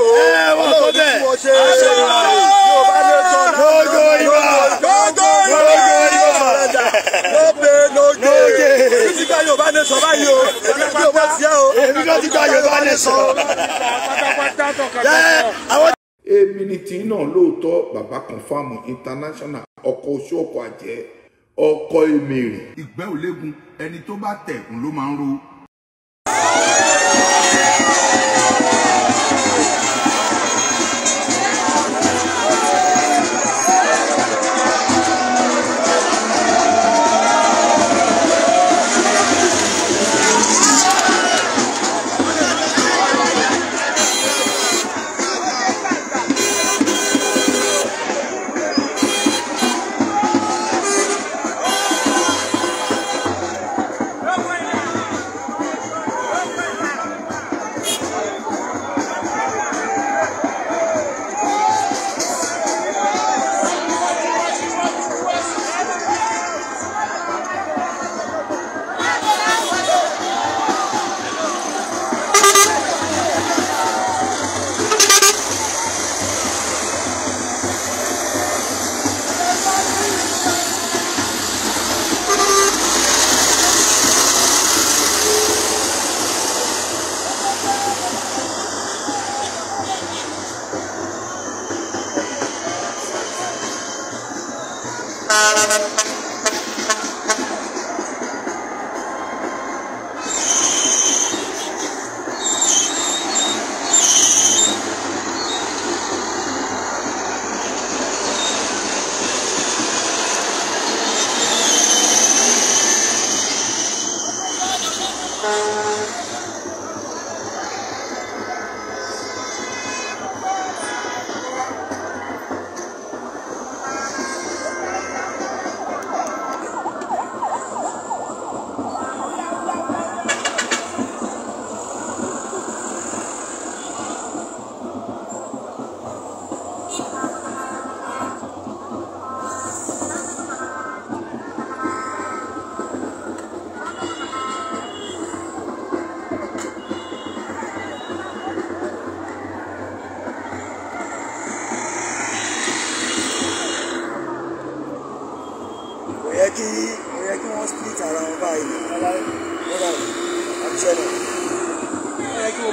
tó ọlọ́run ní tí wọ́n èmi ni tí náà lóòótọ́ bàbá kan fáàmù international ọkọ̀ oṣù ọkọ̀ àjẹ́ ọkọ̀ èmèrè. ìgbẹ́ òlégun ẹni tó bá tẹ̀kùn ló máa ń ro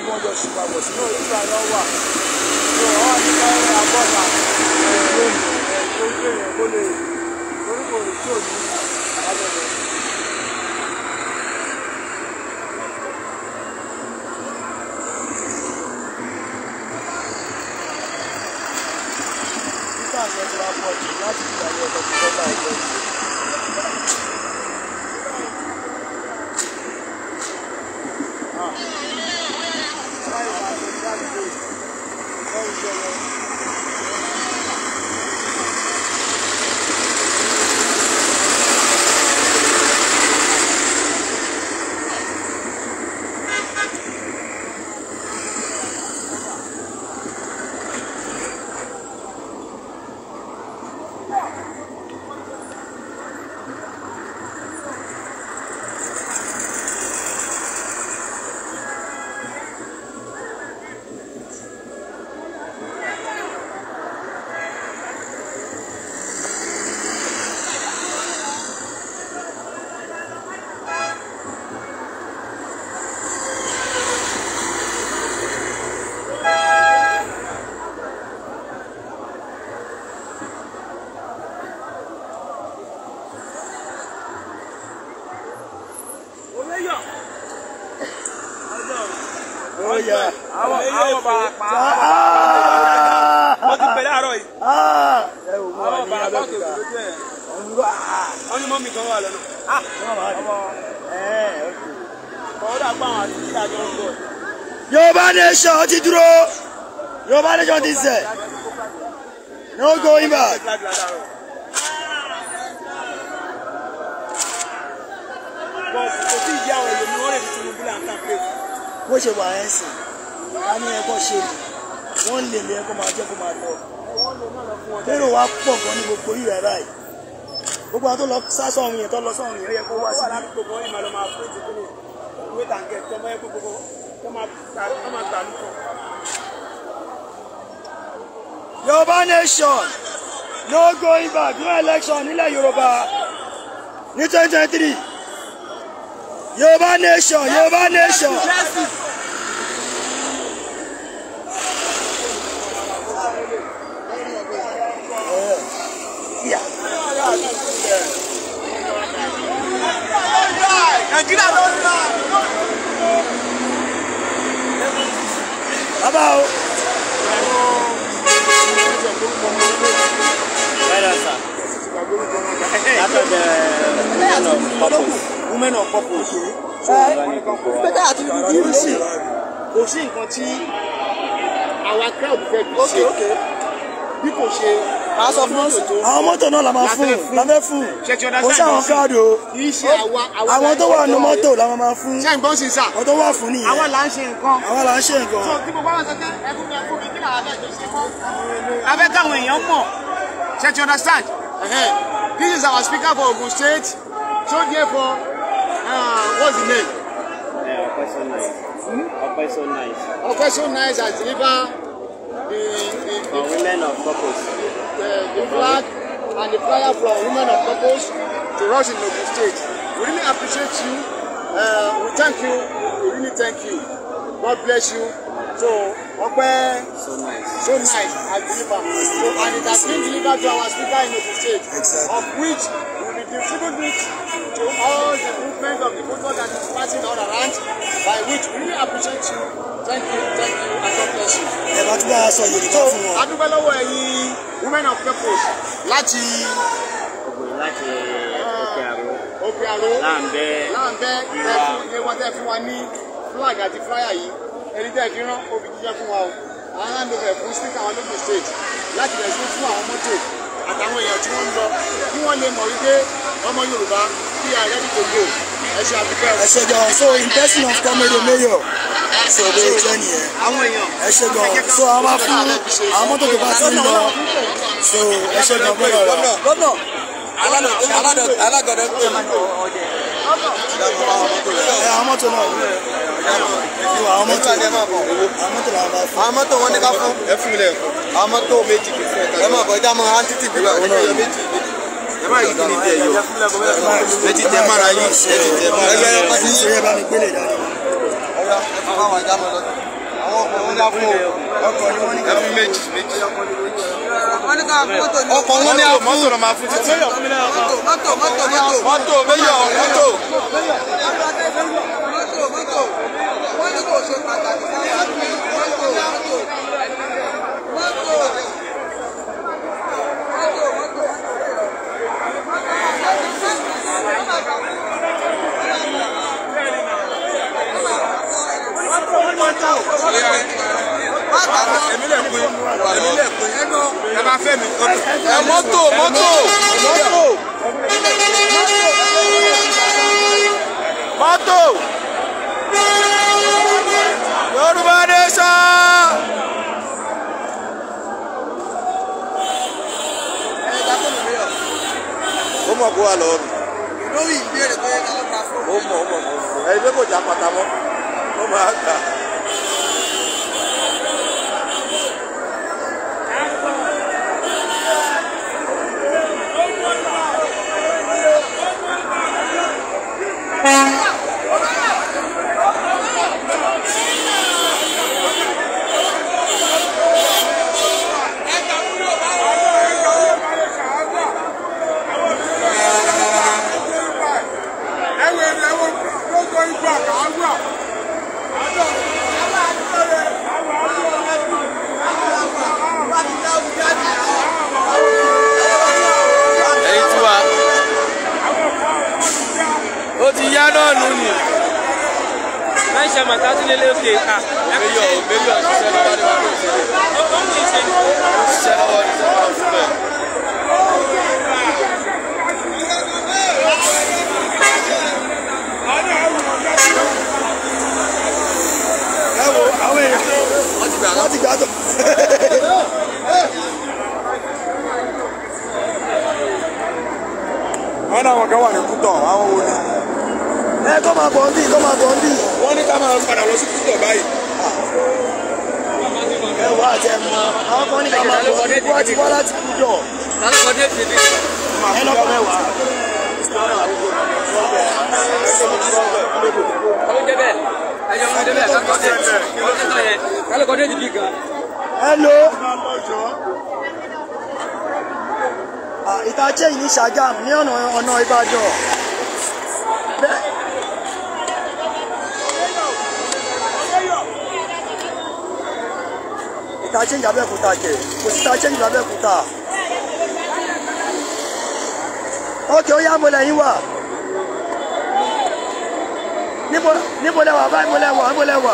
gbogbo ọjọ́ ṣùgbọ́n sínú òyìnbá lọ wà ìwọ̀n ní káwọn abọ́ta tó ń gbé yẹn kó lè orúkọ rẹ̀ tí ò ní abẹ́rẹ́. láti ìgbà yẹn lọ sí bọ́lá ìjọba. àwọn àwọn bàbá wọn ti pẹ̀lẹ́ àárọ̀ nation ti dúró Yorùbá nation ti sẹ̀ no going back. bó ṣe wà ẹ́ sìn ká ní ẹ̀kọ́ ṣe lè wọ́n lè lè ẹ̀kọ́ máa jẹ́ kó máa lọ. lérò wa pọ̀ gan ní gbogbo yìí rẹ̀ báyìí gbogbo àwọn tó lọ sásọ ọ̀hún yẹn tó lọ sọ̀hún yẹn ó yẹ kó wá sí i. gbogbo yìí máa lọ máa fún ètò ìwé tàǹkẹ̀ tó máa yẹ kó tó máa gbà lùkọ̀. Yorùbá nation no going back no election nílẹ̀ Yorùbá ní twenty twenty three. Yorùbá nation Yorùbá nation. Nàìjíríà ló ń bá. Bàbá women of purpose pẹ́tà àti bíbí sí kò sí nǹkan tí our crowd fẹ́ bí ṣe bí kò ṣe a sọ fún àwọn mọ́tò náà la máa fún la fún kò sí àwọn crowd o àwọn tó wà nínú mọ́tò la máa fún àwọn tó wà fún nìyẹn àwa là ń ṣe nǹkan. àwa là ń ṣe nǹkan. so kí gbogbo àwọn sọ pé ẹkún mi ẹkún mi kí làwọn abẹ́jọ ṣe mọ́. abẹ́ káwọn èèyàn mọ̀ ṣe ti understand. this is our speaker for Ogun State so therefore. Uh, what's his name? Yeah, Okwe So Nice. Hmm? Okwe So Nice. Okwe So Nice has delivered the, the, the, women of purpose. The, the flag and the flyer from women of purpose to rush in the State. We really appreciate you. Uh, we thank you. We really thank you. God bless you. So, Okwe So Nice, so nice I deliver. So, and it has been delivered to our speaker in the State, exactly. of which we will be distributed to all the movement of the football that is passing all around, by which we really appreciate you. Thank you, thank you, and God bless you. Ẹ bá tún bá a sọ Yorùbá fún wọn. Adúpẹ́ lọ́wọ́ ẹ̀yin women of purpose láti. Ọ̀gbìn láti òkè àrò. Òkè àrò. Láǹbẹ́. Láǹbẹ́ tẹ́fún ní wọ́n tẹ́ fún wa ní flag àti flyer yìí. Ẹni tẹ́ fi rán obì jíjẹ́ fún wa o. À ń hand over fún speaker àwọn lókun state láti lè fún àwọn mọ́tò àtàwọn èèyàn tí wọ́n ń lọ kí wọ́n lè mọ̀ wípé ọmọ Yorùbá we are ready to go ẹ ṣe àdúgbò. ẹ ṣe gan so in person of comedy mayor so bẹ ẹ jẹ nìyẹn ẹ ṣe gan so a máa fún àwọn mọ́tò tó bá ti ń lọ so ẹ ṣe gan bọ́lá rẹ. gómìnà alágọ̀dẹ pé àwọn mọ́tò náà àwọn mọ́tò àwọn mọ́tò làwọn bá fún. àwọn mọ́tò wọn ní ká fún. ẹ fún mi lẹ́ẹ̀kan. àwọn mọ́tò méjì. ẹ máa bọ̀ ẹ dá mọ́ àǹtí tì bí wà ẹ má yí kí ni tẹ yọ ẹ ti tẹ mára yín ẹ ti tẹ mára yín. ẹgbẹ́ ọtí ṣe é bá mi gbélé dání. ẹ fi méjì méjì. ọkọ̀ wọn ni àwọn mọ́tò ló máa fún títí. mọ́tò mọ́tò mọ́tò mọ́tò mẹ́yọ̀ mọ́tò. mọ́tò mọ́tò wọ́n ní kò ṣe pàtàkì. Fẹ́mi moto, moto, moto, moto. mọ́tò Yorùbá nation. ó mọ̀ kó wà lọ́wọ́ mi. olórí ìbéèrè tó yẹ ká lọ́ta fún. ó mọ̀ ó mọ̀ ó mọ̀ ẹni pé kò já pátá mọ́ ó máa gbà. òkè à ẹ̀kọ́ ṣe mẹ́lò ṣiṣẹ́ lọ́wọ́ ní wàá lóṣù ó ó ní ṣe ṣiṣẹ́ lọ́wọ́ ní sọ́wọ́ fún ẹ̀. ẹ̀wọ̀ àwọn èèyàn wọ́n ti gbà tó. wọ́n náà wọ́n kan wà ní kútọ̀ àwọn wo ni. ẹ tó máa bọ̀ ń dì tó máa bọ̀ ká máa padà lọ sí kútọ̀ báyìí. ẹwà àti ẹ̀mọ́ àwọn kan ní ká máa bọ̀ nígbà tí wọ́n láti kútọ̀. ẹ lọ́kọ̀ mẹ́wàá. Hello. Ah, ìta jẹ́ ìní Ṣàgámù ní ọ̀nà Ìbàdàn. change abẹ́òkúta kẹ̀ kò sí ta change abẹ́òkúta. ok ó yá mo lẹ́yìn wà níbo lẹ́wà báyìí mo lẹ́wà mo lẹ́wà.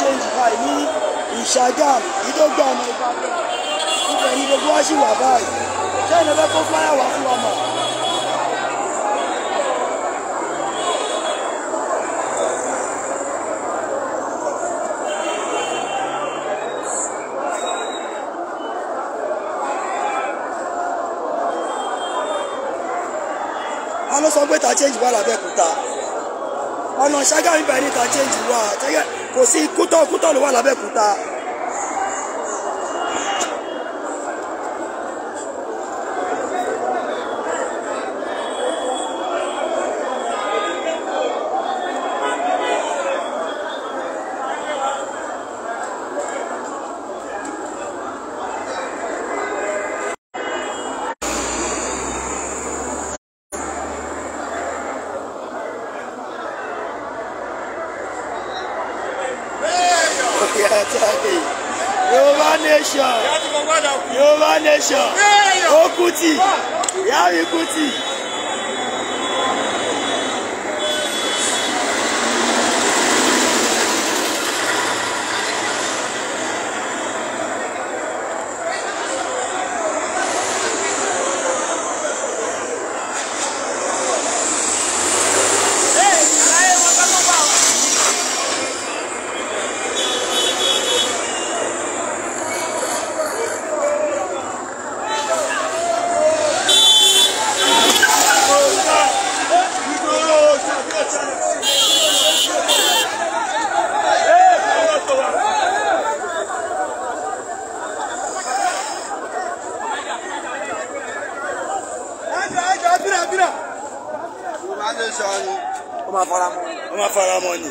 change báyìí ní ìṣàgàm ìdógbà ọmọ ìbàdàn ibẹ̀ ni gbogbo wa sì wà báyìí sẹ́yìn ọ̀fẹ́ kó fáyà wá fún wa mọ̀. sọ pé ta change wà lábẹ́kúta ọ̀nà ṣágàmì bẹ̀rẹ̀ ni ta change wà ṣágàmì kò sí ikú tó kú tó ló wà lábẹ́kúta. àtàlẹ́ Yorùbá nation Yorùbá nation ó Kútì ìyá mi Kútì. faramọ́ ni.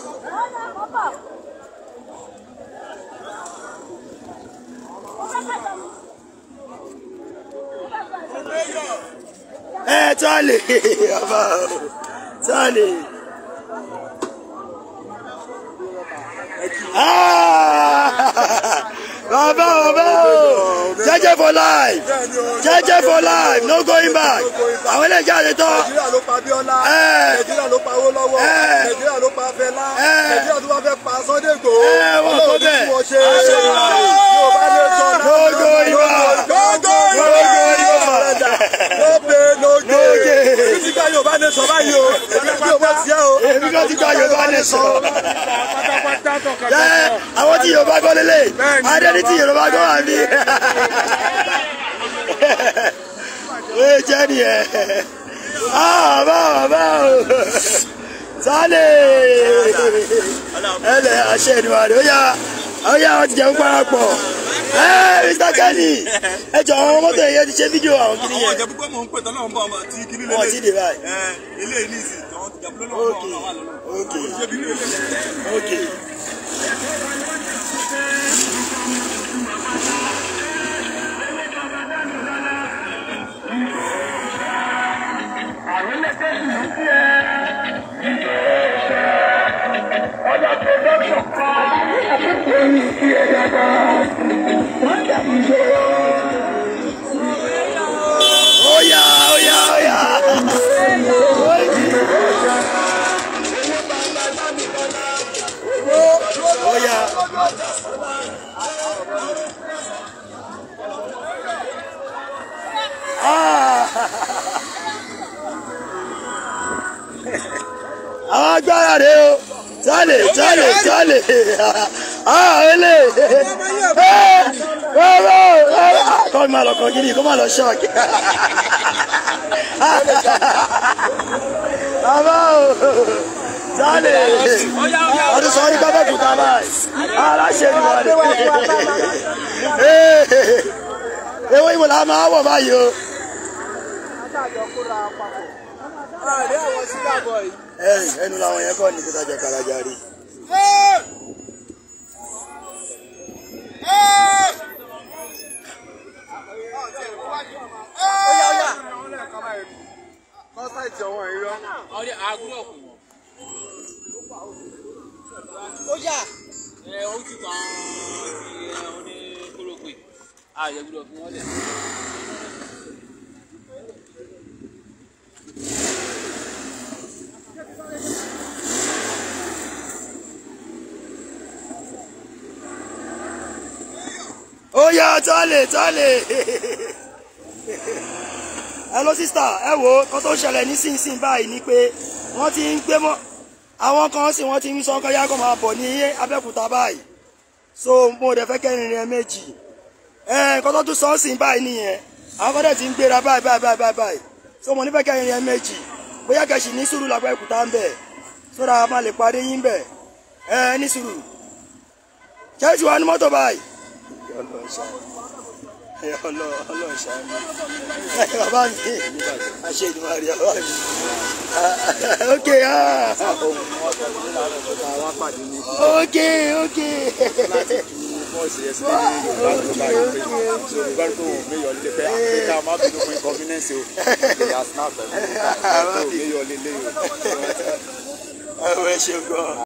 Charlie, Charlie. Ah! Baba, Baba, JJ for life, JJ for life, no going back. Àwọn ilé ìjà lè tọ́. Nàìjíríà ló pa Bíọ́lá, eh. Nàìjíríà ló pa owó lọ́wọ́, eh. Nàìjíríà ló pa Fẹlá, eh. Nàìjíríà tó bá fẹ́ pa Sunday Igboho. Wọ́n tó bẹ̀. Yóò bá lè sọ náà. No going back. No going back. No pay no gain. Yorùbá ní sọ báyìí o èmi ò bọ́ sí ẹ o èmi náà ti gba Yorùbá ní sọ. àwọn tí Yorùbá gbọ́ lélẹ̀ adé ní tí Yorùbá gbọ́ wà ní. ee jẹ́ nìyẹn bàbá ah, bàbá o sálẹ̀ ẹlẹ́ àṣẹ ìdìbò àdé ó yà ó yà ó ti jẹun parapọ̀ ẹ Mr Kenny ẹ jọ àwọn mọ́tò yẹn ti ṣe fídíò àwọn kiri yẹn. àwọn ìjẹ̀bú pé mò ń pè tán náà ń bọ̀ tí kiri lélẹ̀. ọtí ilé ní ìsìn tí wọ́n ti jàpọ̀ lọ́wọ́ ọmọ wa lọ́nà. ok agbára rẹ o jálè jálè jálè àlè ah, eh, rárá rárá ah, kọ́ mi máa lọ kàn gidi kó máa lọ ṣọ́ọ̀kì. bàbá o jálè ọdún sọ ní bàbá kùtà báyìí ah, aláṣẹ ni wọ́n lè. Eh, ewé ìwò la máa wọ̀ báyìí o. àárẹ̀ àwọn sígá bọ̀ yìí ẹnu làwọn yẹn kọ́ ní kí tajà karajà rí. kọ́sáìtì ọ̀wọ́n yìí rọ. ọ̀rẹ́ àgúrò kù. ó yà. ẹ o ti tàn án ti ẹ oní kólógbè. àyẹ̀wò lọ fún wọn lẹ̀. Oh yeah, tọ́lẹ̀ tọ́lẹ̀ hello sister ẹ wo kó tó ṣẹlẹ̀ nísinsìnyí báyìí ni pé wọ́n ti ń gbé mọ́ àwọn kan sì wọ́n ti ń sọ ọkọ̀ yá kó máa bọ̀ ní Abẹ́òkúta báyìí so mo dẹ̀ fẹ́ kẹrin rẹ méjì ẹ kó tó sin sọ́ọ̀sì ni nìyẹn àwọn kan dẹ̀ ti ń gbéra báyìí báyìí báyìí báyìí so mo nífẹ̀ẹ́ kẹrin rẹ méjì bóyá kẹ̀sì ní sùúrù l'Abẹ́òkúta ń bẹ̀ sódà máa lè parí yín bẹ̀ Eh, ni suru. ṣé ìṣúwà ní mọ́tò báyìí ọlọ́run ṣàánú ọlọ́run ṣàánú bàbá mi àṣẹ ìdùnnú rí bàbá mi ok ok ok ọ̀rọ̀ ẹ ṣe gan.